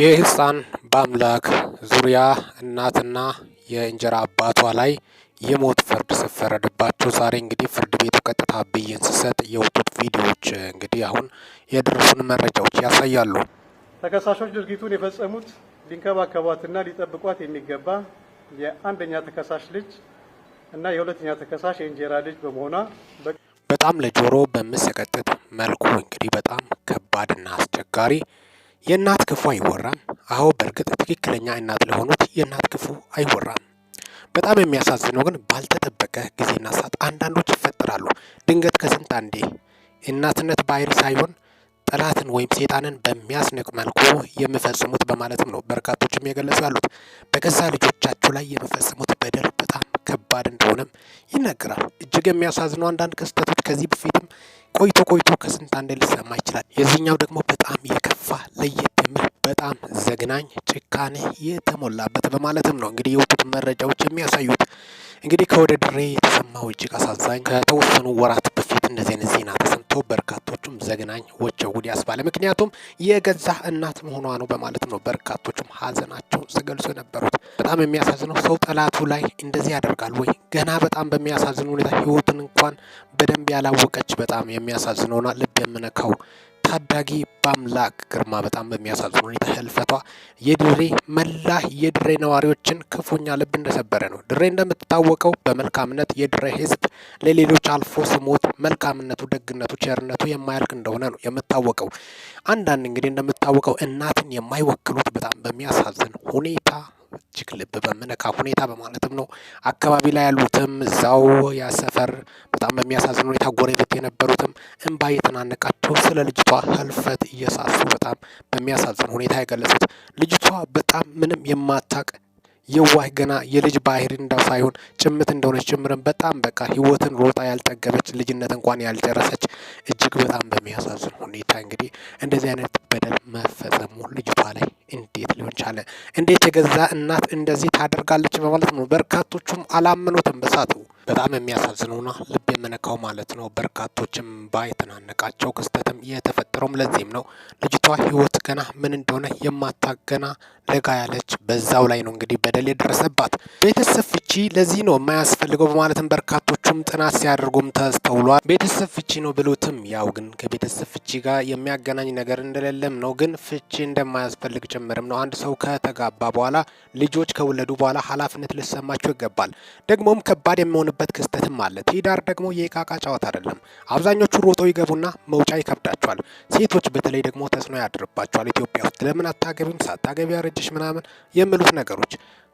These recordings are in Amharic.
የህፃን በአምላክ ዙሪያ እናትና የእንጀራ አባቷ ላይ የሞት ፍርድ ስፈረድባቸው ዛሬ እንግዲህ ፍርድ ቤቱ ቀጥታ ብይን ስሰጥ የወጡት ቪዲዮዎች እንግዲህ አሁን የደረሱን መረጃዎች ያሳያሉ። ተከሳሾች ድርጊቱን የፈጸሙት ሊንከባከቧትና ሊጠብቋት የሚገባ የአንደኛ ተከሳሽ ልጅ እና የሁለተኛ ተከሳሽ የእንጀራ ልጅ በመሆኗ በጣም ለጆሮ በሚሰቀጥጥ መልኩ እንግዲህ በጣም ከባድና አስቸጋሪ የእናት ክፉ አይወራም። አዎ በእርግጥ ትክክለኛ እናት ለሆኑት የእናት ክፉ አይወራም። በጣም የሚያሳዝነው ግን ባልተጠበቀ ጊዜና ሰዓት አንዳንዶች ይፈጠራሉ። ድንገት ከስንት አንዴ እናትነት ባህሪ ሳይሆን ጠላትን ወይም ሴጣንን በሚያስንቅ መልኩ የሚፈጽሙት በማለትም ነው በርካቶችም የገለጹ ያሉት። በገዛ ልጆቻቸው ላይ የሚፈጽሙት በደል በጣም ከባድ እንደሆነም ይነገራል። እጅግ የሚያሳዝነው አንዳንድ ክስተቶች ከዚህ በፊትም ቆይቶ ቆይቶ ከስንት አንዴ ሊሰማ ይችላል። የዚህኛው ደግሞ በጣም የከፋ ለየት የሚል በጣም ዘግናኝ ጭካኔ የተሞላበት በማለትም ነው እንግዲህ የወጡት መረጃዎች የሚያሳዩት። እንግዲህ ከወደ ድሬ የተሰማው እጅግ አሳዛኝ ከተወሰኑ ወራት በፊት እንደዚህ አይነት ዜና ተሰምቶ በርካቶቹም ዘግናኝ ወቸው ጉድ ያስባለ ምክንያቱም የገዛ እናት መሆኗ ነው በማለት ነው በርካቶቹም ሀዘናቸውን ሲገልጹ የነበሩት። በጣም የሚያሳዝነው ሰው ጠላቱ ላይ እንደዚህ ያደርጋል ወይ? ገና በጣም በሚያሳዝን ሁኔታ ህይወትን እንኳን በደንብ ያላወቀች በጣም የሚያሳዝነውና ልብ የምነካው ታዳጊ በአምላክ ግርማ በጣም በሚያሳዝን ሁኔታ ህልፈቷ የድሬ መላ የድሬ ነዋሪዎችን ክፉኛ ልብ እንደሰበረ ነው። ድሬ እንደምትታወቀው በመልካምነት የድሬ ህዝብ ለሌሎች አልፎ ስሞት መልካምነቱ፣ ደግነቱ፣ ቸርነቱ የማያልቅ እንደሆነ ነው የምታወቀው። አንዳንድ እንግዲህ እንደምታወቀው እናትን የማይወክሉት በጣም በሚያሳዝን ሁኔታ እጅግ ልብ በምነካ ሁኔታ በማለትም ነው አካባቢ ላይ ያሉትም እዛው ያሰፈር በጣም በሚያሳዝን ሁኔታ ጎረቤት የነበሩትም እንባ የተናነቃቸው ስለ ልጅቷ ህልፈት እየሳሱ በጣም በሚያሳዝን ሁኔታ የገለጹት ልጅቷ በጣም ምንም የማታቅ የዋህ ገና የልጅ ባህሪ እንዳ ሳይሆን ጭምት እንደሆነች ጭምርን በጣም በቃ ህይወትን ሮጣ ያልጠገበች ልጅነት እንኳን ያልደረሰች እጅግ በጣም በሚያሳዝን ሁኔታ እንግዲህ እንደዚህ አይነት በደል መፈጸሙ ልጅቷ ላይ እንዴት ሊሆን ቻለ? እንዴት የገዛ እናት እንደዚህ ታደርጋለች? በማለት ነው በርካቶቹም አላመኑትም። በሳቱ በጣም የሚያሳዝነውና ልብ የምነካው ማለት ነው። በርካቶችም ባይተናነቃቸው ክስተትም የተፈጠረውም ለዚህም ነው። ልጅቷ ህይወት ገና ምን እንደሆነ የማታገና ለጋ ያለች በዛው ላይ ነው እንግዲህ በደል የደረሰባት ቤተሰብ ፍቺ ለዚህ ነው የማያስፈልገው በማለትም በርካቶቹም ጥናት ሲያደርጉም ተስተውሏል። ቤተሰብ ፍቺ ነው ብሉትም ያው ግን ከቤተሰብ ፍቺ ጋር የሚያገናኝ ነገር እንደሌለም ነው። ግን ፍቺ እንደማያስፈልግ ጭምርም ነው። አንድ ሰው ከተጋባ በኋላ ልጆች ከወለዱ በኋላ ኃላፊነት ልሰማቸው ይገባል። ደግሞም ከባድ የሚሆንበት ክስተትም አለ። ትዳር ደግሞ የእቃቃ ጨዋታ አይደለም። አብዛኞቹ ሮጠው ይገቡና መውጫ ይከብዳቸዋል። ሴቶች በተለይ ደግሞ ተጽዕኖ ያድርባቸዋል። ኢትዮጵያ ውስጥ ለምን አታገቢም፣ ሳታገቢ ያረጀሽ ምናምን የሚሉት ነገሮች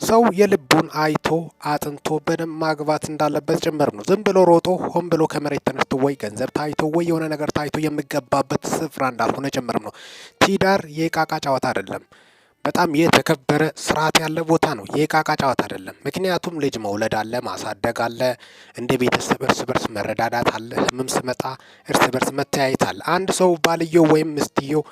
ሰው የልቡን አይቶ አጥንቶ በደንብ ማግባት እንዳለበት ጭምር ነው። ዝም ብሎ ሮጦ ሆን ብሎ ከመሬት ተነስቶ ወይ ገንዘብ ታይቶ ወይ የሆነ ነገር ታይቶ የሚገባበት ስፍራ እንዳልሆነ ጭምርም ነው። ትዳር የቃቃ ጨዋታ አይደለም። በጣም የተከበረ ስርዓት ያለ ቦታ ነው። የቃቃ ጨዋታ አይደለም። ምክንያቱም ልጅ መውለድ አለ፣ ማሳደግ አለ፣ እንደ ቤተሰብ እርስ በርስ መረዳዳት አለ፣ ህመም ስመጣ እርስ በርስ መተያየት አለ። አንድ ሰው ባልየው ወይም ምስትየው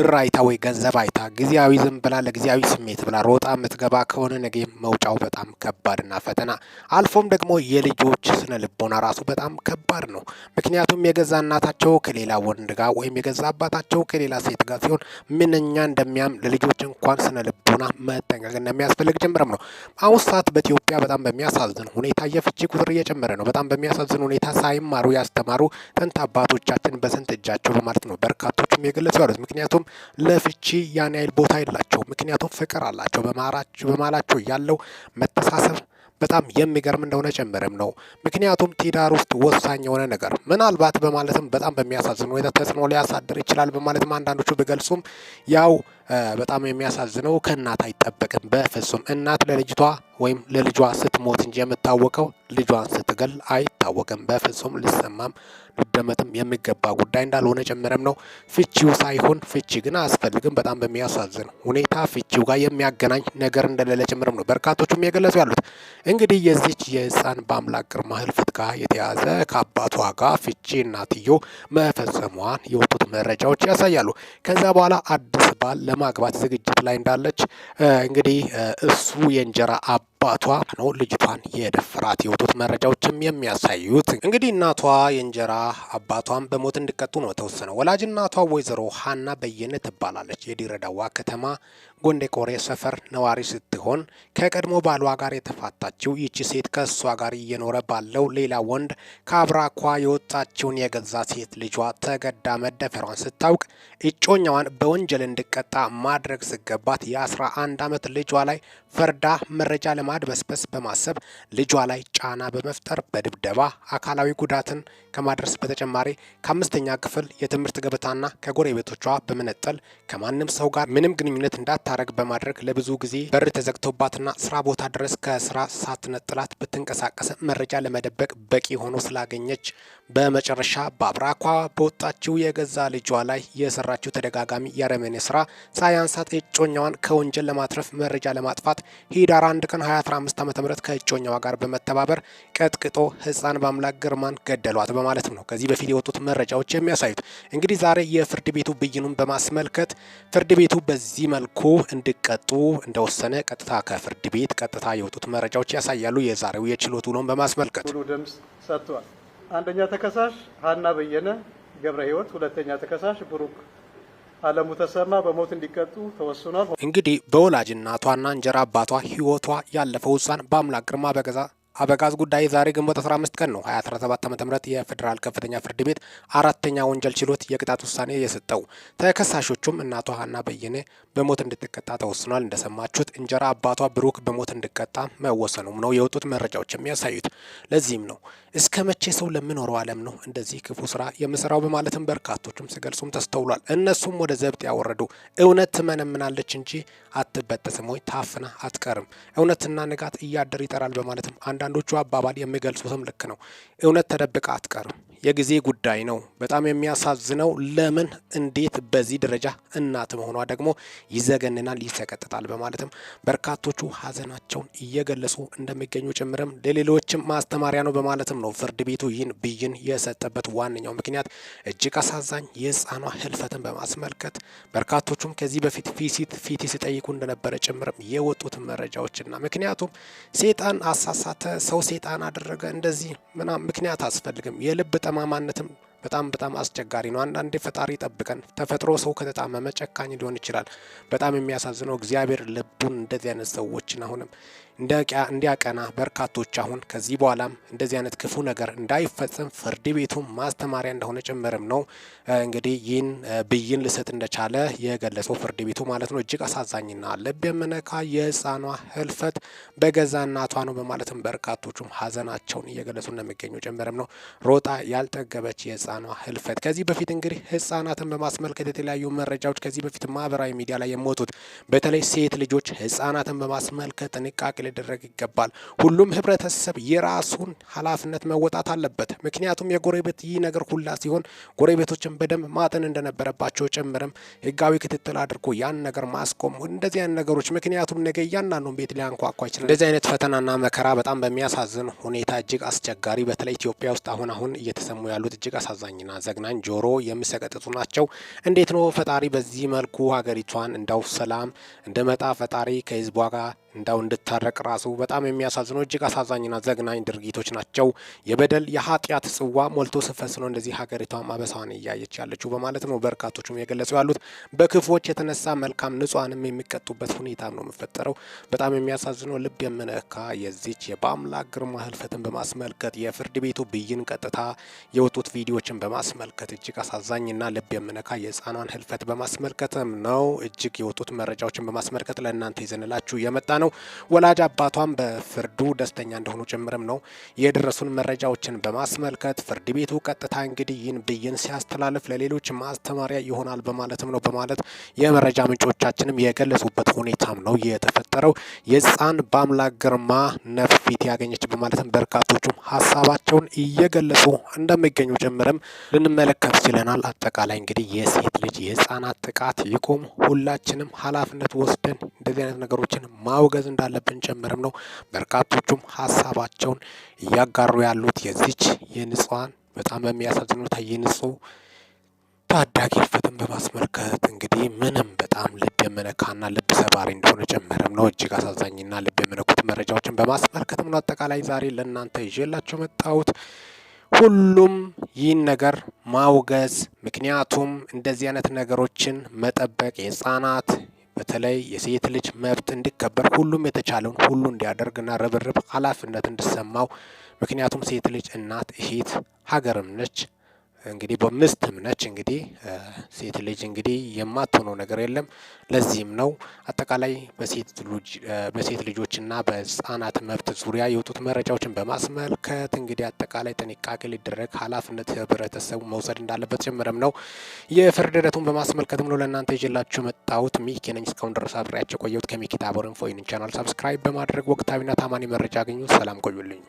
ብር አይታ ወይ ገንዘብ አይታ ጊዜያዊ ዝም ብላ ለጊዜያዊ ስሜት ብላ ሮጣ የምትገባ ከሆነ ነገ መውጫው በጣም ከባድና ፈተና አልፎም ደግሞ የልጆች ስነ ልቦና ራሱ በጣም ከባድ ነው። ምክንያቱም የገዛ እናታቸው ከሌላ ወንድ ጋር ወይም የገዛ አባታቸው ከሌላ ሴት ጋር ሲሆን ምንኛ እንደሚያም ለልጆች እንኳን ስነ ልቦና መጠንቀቅ እንደሚያስፈልግ ጀምረም ነው። አሁን ሰዓት በኢትዮጵያ በጣም በሚያሳዝን ሁኔታ የፍቺ ቁጥር እየጨመረ ነው። በጣም በሚያሳዝን ሁኔታ ሳይማሩ ያስተማሩ ጥንት አባቶቻችን በስንት እጃቸው በማለት ነው በርካቶቹም የገለጹ ያሉት ምክንያቱም ምክንያቱም ለፍቺ ያን ያህል ቦታ የላቸው። ምክንያቱም ፍቅር አላቸው። በመሀላቸው ያለው መተሳሰብ በጣም የሚገርም እንደሆነ ጭምርም ነው። ምክንያቱም ትዳር ውስጥ ወሳኝ የሆነ ነገር ምናልባት በማለትም በጣም በሚያሳዝን ሁኔታ ተጽዕኖ ሊያሳድር ይችላል በማለትም አንዳንዶቹ ቢገልጹም ያው በጣም የሚያሳዝነው ከእናት አይጠበቅም በፍጹም። እናት ለልጅቷ ወይም ለልጇ ስትሞት እንጂ የምታወቀው ልጇን ስትገል አይታወቅም በፍጹም። ልሰማም ልደመጥም የሚገባ ጉዳይ እንዳልሆነ ጨምረም ነው ፍቺው ሳይሆን ፍቺ ግን አያስፈልግም። በጣም በሚያሳዝን ሁኔታ ፍቺው ጋር የሚያገናኝ ነገር እንደሌለ ጭምርም ነው በርካቶቹም የገለጹ ያሉት። እንግዲህ የዚች የህፃን በአምላክ ግርማ ህልፈት ጋር የተያዘ ከአባቷ ጋር ፍቺ እናትዮ መፈጸሟን የወጡት መረጃዎች ያሳያሉ። ከዛ በኋላ አዲስ ባል ለማግባት ዝግጅት ላይ እንዳለች እንግዲህ እሱ የእንጀራ አባ አባቷ ነው ልጅቷን የደፈራት የወጡት መረጃዎችም የሚያሳዩት። እንግዲህ እናቷ የእንጀራ አባቷን በሞት እንዲቀጡ ነው የተወሰነው። ወላጅ እናቷ ወይዘሮ ሀና በየነ ትባላለች። የድሬዳዋ ከተማ ጎንዴ ቆሬ ሰፈር ነዋሪ ስትሆን ከቀድሞ ባሏ ጋር የተፋታችው ይቺ ሴት ከእሷ ጋር እየኖረ ባለው ሌላ ወንድ ከአብራኳ የወጣችውን የገዛ ሴት ልጇ ተገዳ መደፈሯን ስታውቅ እጮኛዋን በወንጀል እንዲቀጣ ማድረግ ስገባት የ11 ዓመት ልጇ ላይ ፈርዳ መረጃ ለማድበስበስ በማሰብ ልጇ ላይ ጫና በመፍጠር በድብደባ አካላዊ ጉዳትን ከማድረስ በተጨማሪ ከአምስተኛ ክፍል የትምህርት ገበታና ከጎረቤቶቿ በመነጠል ከማንም ሰው ጋር ምንም ግንኙነት እንዳታረግ በማድረግ ለብዙ ጊዜ በር ተዘግቶባትና ስራ ቦታ ድረስ ከስራ ሳትነጥላት ብትንቀሳቀስ መረጃ ለመደበቅ በቂ ሆኖ ስላገኘች በመጨረሻ በአብራኳ በወጣችው የገዛ ልጇ ላይ የሰራችው ተደጋጋሚ ያረመኔ ስራ ሳያንሳት እጮኛዋን ከወንጀል ለማትረፍ መረጃ ለማጥፋት ሂዳር 1 ቀን 2015 ዓ ም ከእጮኛዋ ጋር በመተባበር ቀጥቅጦ ህፃን በአምላክ ግርማን ገደሏት በማለት ነው ከዚህ በፊት የወጡት መረጃዎች የሚያሳዩት። እንግዲህ ዛሬ የፍርድ ቤቱ ብይኑን በማስመልከት ፍርድ ቤቱ በዚህ መልኩ እንዲቀጡ እንደወሰነ ቀጥታ ከፍርድ ቤት ቀጥታ የወጡት መረጃዎች ያሳያሉ። የዛሬው የችሎት ውሎን በማስመልከት ሙሉ ድምፅ ሰጥቷል። አንደኛ ተከሳሽ ሀና በየነ ገብረ ህይወት፣ ሁለተኛ ተከሳሽ ብሩክ አለሙ ተሰማ በሞት እንዲቀጡ ተወስኗል። እንግዲህ በወላጅ እናቷና እንጀራ አባቷ ህይወቷ ያለፈው ህጻን በአምላክ ግርማ በገዛ አበጋዝ ጉዳይ ዛሬ ግንቦት 15 ቀን ነው 2017 ዓ.ም የፌዴራል ከፍተኛ ፍርድ ቤት አራተኛ ወንጀል ችሎት የቅጣት ውሳኔ የሰጠው። ተከሳሾቹም እናቷ ሀና በየነ በሞት እንድትቀጣ ተወስኗል። እንደሰማችሁት እንጀራ አባቷ ብሩክ በሞት እንድቀጣ መወሰኑም ነው የወጡት መረጃዎች የሚያሳዩት። ለዚህም ነው እስከ መቼ ሰው ለምኖረው ዓለም ነው እንደዚህ ክፉ ስራ የምሰራው በማለትም በርካቶችም ሲገልጹም ተስተውሏል። እነሱም ወደ ዘብጥ ያወረዱ እውነት ትመነምናለች እንጂ አትበጠስም ወይ ታፍና አትቀርም፣ እውነትና ንጋት እያደር ይጠራል በማለትም አንድ አንዳንዶቹ አባባል የሚገልጹትም ልክ ነው። እውነት ተደብቃ አትቀርም። የጊዜ ጉዳይ ነው። በጣም የሚያሳዝነው ለምን እንዴት በዚህ ደረጃ እናት መሆኗ ደግሞ ይዘገንናል፣ ይሰቀጥጣል በማለትም በርካቶቹ ሀዘናቸውን እየገለጹ እንደሚገኙ ጭምርም ለሌሎችም ማስተማሪያ ነው በማለትም ነው ፍርድ ቤቱ ይህን ብይን የሰጠበት ዋነኛው ምክንያት እጅግ አሳዛኝ የህፃኗ ህልፈትን በማስመልከት በርካቶቹም ከዚህ በፊት ፊሲት ፊት ሲጠይቁ እንደነበረ ጭምርም የወጡት መረጃዎችና ምክንያቱም ሴጣን አሳሳተ፣ ሰው ሴጣን አደረገ እንደዚህ ምናም ምክንያት አስፈልግም የልብ ጠማማነትም በጣም በጣም አስቸጋሪ ነው። አንዳንዴ ፈጣሪ ጠብቀን። ተፈጥሮ ሰው ከተጣመመ ጨካኝ ሊሆን ይችላል። በጣም የሚያሳዝነው እግዚአብሔር ልቡን እንደዚህ አይነት ሰዎችን አሁንም እንዲያቀና በርካቶች አሁን ከዚህ በኋላም እንደዚህ አይነት ክፉ ነገር እንዳይፈጸም ፍርድ ቤቱ ማስተማሪያ እንደሆነ ጭምርም ነው እንግዲህ ይህን ብይን ልሰጥ እንደቻለ የገለጸው ፍርድ ቤቱ ማለት ነው። እጅግ አሳዛኝና ልብ የሚነካ የህፃኗ ህልፈት በገዛ እናቷ ነው በማለትም በርካቶቹም ሀዘናቸውን እየገለጹ እንደሚገኙ ጭምርም ነው። ሮጣ ያልጠገበች የህፃኗ ህልፈት ከዚህ በፊት እንግዲህ ህጻናትን በማስመልከት የተለያዩ መረጃዎች ከዚህ በፊት ማህበራዊ ሚዲያ ላይ የሞቱት በተለይ ሴት ልጆች ህጻናትን በማስመልከት ጥንቃቄ ሊደረግ ይገባል። ሁሉም ህብረተሰብ የራሱን ኃላፊነት መወጣት አለበት። ምክንያቱም የጎረቤት ይህ ነገር ሁላ ሲሆን ጎረቤቶችን በደንብ ማጠን እንደነበረባቸው ጭምርም ህጋዊ ክትትል አድርጎ ያን ነገር ማስቆም እንደዚህ አይነት ነገሮች ምክንያቱም ነገ እያንዳንዱን ቤት ሊያንኳኳ ይችላል። እንደዚህ አይነት ፈተናና መከራ በጣም በሚያሳዝን ሁኔታ እጅግ አስቸጋሪ በተለይ ኢትዮጵያ ውስጥ አሁን አሁን እየተሰሙ ያሉት እጅግ አሳዛኝና ዘግናኝ ጆሮ የሚሰቀጥጡ ናቸው። እንዴት ነው ፈጣሪ በዚህ መልኩ ሀገሪቷን እንዳው ሰላም እንደመጣ ፈጣሪ ከህዝቧ ጋር እንዳው እንድታረቅ ራሱ በጣም የሚያሳዝኑ እጅግ አሳዛኝና ዘግናኝ ድርጊቶች ናቸው። የበደል የኃጢአት ጽዋ ሞልቶ ስፈስ ነው እንደዚህ ሀገሪቷ ማበሳዋን እያየች ያለችው በማለት ነው በርካቶቹም የገለጹ ያሉት። በክፎች የተነሳ መልካም ንጹሐንም የሚቀጡበት ሁኔታ ነው የምፈጠረው። በጣም የሚያሳዝነው ልብ የምነካ የዚች የበአምላክ ግርማ ህልፈትን በማስመልከት የፍርድ ቤቱ ብይን ቀጥታ የወጡት ቪዲዮዎችን በማስመልከት እጅግ አሳዛኝና ልብ የምነካ የህፃኗን ህልፈት በማስመልከትም ነው እጅግ የወጡት መረጃዎችን በማስመልከት ለእናንተ ይዘንላችሁ የመጣ ነው። ነው። ወላጅ አባቷም በፍርዱ ደስተኛ እንደሆኑ ጭምርም ነው የደረሱን መረጃዎችን በማስመልከት ፍርድ ቤቱ ቀጥታ እንግዲህ ይህን ብይን ሲያስተላልፍ ለሌሎች ማስተማሪያ ይሆናል በማለትም ነው በማለት የመረጃ ምንጮቻችንም የገለጹበት ሁኔታም ነው የተፈ የተፈጠረው የህፃን በአምላክ ግርማ ነፊት ያገኘች በማለትም በርካቶቹም ሀሳባቸውን እየገለጹ እንደሚገኙ ጭምርም ልንመለከት ችለናል። አጠቃላይ እንግዲህ የሴት ልጅ የህፃናት ጥቃት ይቁም፣ ሁላችንም ኃላፊነት ወስደን እንደዚህ አይነት ነገሮችን ማውገዝ እንዳለብን ጭምርም ነው በርካቶቹም ሀሳባቸውን እያጋሩ ያሉት የዚች የንጽዋን በጣም በሚያሳዝን ሁኔታ የንጹህ ታዳጊ በማስመልከት እንግዲህ ምንም በጣም ልብ የመነካና ልብ ሰባሪ እንደሆነ ጀመረም ነው እጅግ አሳዛኝና ልብ የመነኩት መረጃዎችን በማስመልከትም ነው አጠቃላይ ዛሬ ለእናንተ ይዤላቸው መጣሁት። ሁሉም ይህን ነገር ማውገዝ፣ ምክንያቱም እንደዚህ አይነት ነገሮችን መጠበቅ የህጻናት በተለይ የሴት ልጅ መብት እንዲከበር ሁሉም የተቻለውን ሁሉ እንዲያደርግና ርብርብ ኃላፊነት እንዲሰማው ምክንያቱም ሴት ልጅ እናት፣ እህት፣ ሀገርም ነች። እንግዲህ በምስት እምነች እንግዲህ ሴት ልጅ እንግዲህ የማትሆነው ነገር የለም። ለዚህም ነው አጠቃላይ በሴት ልጆችና በህፃናት መብት ዙሪያ የወጡት መረጃዎችን በማስመልከት እንግዲህ አጠቃላይ ጥንቃቄ ሊደረግ ኃላፊነት ህብረተሰቡ መውሰድ እንዳለበት ጀምረም ነው የፍርድ ሂደቱን በማስመልከትም ነው ለእናንተ ይዤላችሁ መጣሁት። ሚኪ ነኝ። እስካሁን ድረስ አብሬያቸው ቆየሁት። ከሚኪ ታቦር ኢንፎ ይህንን ቻናል ሰብስክራይብ በማድረግ ወቅታዊና ታማኒ መረጃ አግኙ። ሰላም ቆዩልኝ።